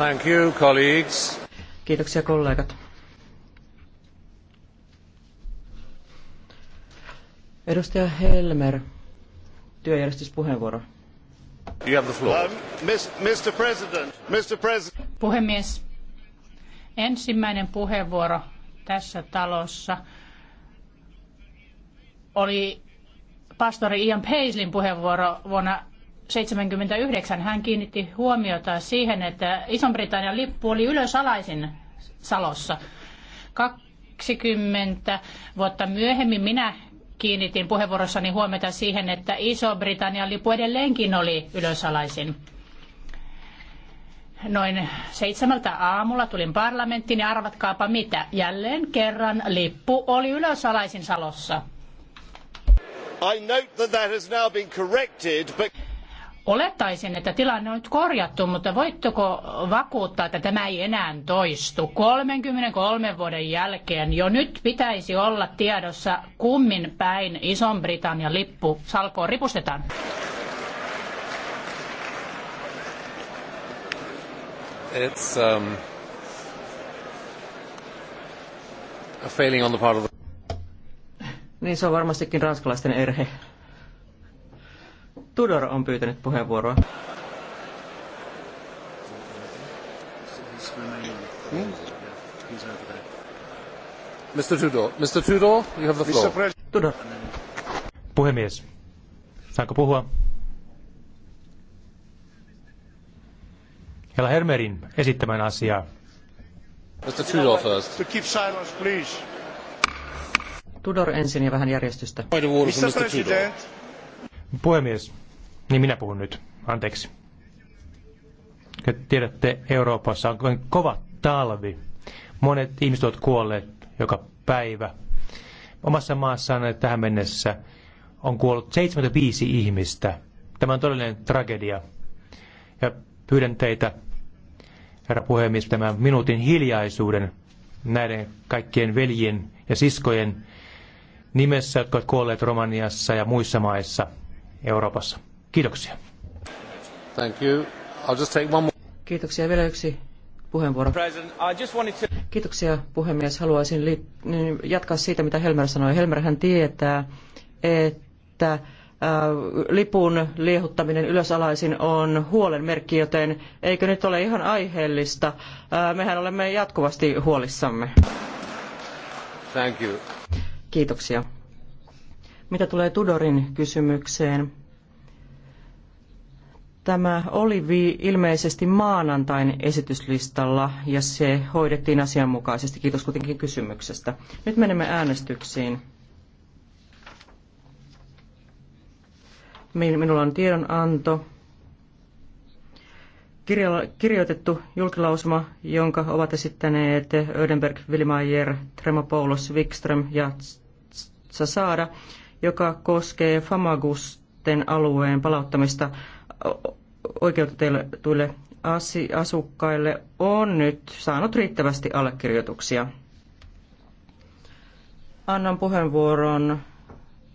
Thank you, colleagues. Kiitoksia kollegat. Edustaja Helmer, työjärjestyspuheenvuoro. You have the floor. Um, uh, Mr. President, Mr. President. Puhemies, ensimmäinen puheenvuoro tässä talossa oli pastori Ian Paisleyn puheenvuoro vuonna 1979 hän kiinnitti huomiota siihen, että iso britannian lippu oli ylösalaisin salossa. 20 vuotta myöhemmin minä kiinnitin puheenvuorossani huomiota siihen, että Iso-Britannian lippu edelleenkin oli ylösalaisin. Noin seitsemältä aamulla tulin parlamenttiin ja arvatkaapa mitä. Jälleen kerran lippu oli ylösalaisin salossa. I note that that has now been corrected, but... Olettaisin, että tilanne on nyt korjattu, mutta voitteko vakuuttaa, että tämä ei enää toistu? 33 vuoden jälkeen jo nyt pitäisi olla tiedossa, kummin päin Ison-Britannian lippu salkoon ripustetaan. It's um, a failing on the part of the... Niin se on varmastikin ranskalaisten erhe. Tudor on pyytänyt puheenvuoroa. Mr. Tudor, Mr. Tudor, you have the floor. Mr. Tudor. Puhemies, saanko puhua? Hela Hermerin esittämän asiaa. Mr. Tudor first. To keep silence, please. Tudor ensin ja vähän järjestystä. Mr. President. Puhemies, niin minä puhun nyt, anteeksi. Tiedätte, Euroopassa on kova talvi. Monet ihmiset ovat kuolleet joka päivä. Omassa maassaan tähän mennessä on kuollut 75 ihmistä. Tämä on todellinen tragedia. Ja pyydän teitä, herra puhemies, tämän minuutin hiljaisuuden näiden kaikkien veljien ja siskojen nimessä, jotka ovat kuolleet Romaniassa ja muissa maissa Euroopassa. Kiitoksia. Thank you. I'll just take one more. Kiitoksia. Vielä yksi puheenvuoro. Kiitoksia puhemies. Haluaisin jatkaa siitä, mitä Helmer sanoi. Helmerhän tietää, että äh, lipun liehuttaminen ylösalaisin on huolenmerkki, joten eikö nyt ole ihan aiheellista? Äh, mehän olemme jatkuvasti huolissamme. Thank you. Kiitoksia. Mitä tulee Tudorin kysymykseen, Tämä oli ilmeisesti maanantain esityslistalla ja se hoidettiin asianmukaisesti. Kiitos kuitenkin kysymyksestä. Nyt menemme äänestyksiin. Minulla on tiedonanto. Kirjo- kirjoitettu julkilausuma, jonka ovat esittäneet Ödenberg, Vilmaier, Tremopoulos, Wikström ja Sasaada, joka koskee Famagusten alueen palauttamista oikeutetuille asukkaille on nyt saanut riittävästi allekirjoituksia. Annan puheenvuoron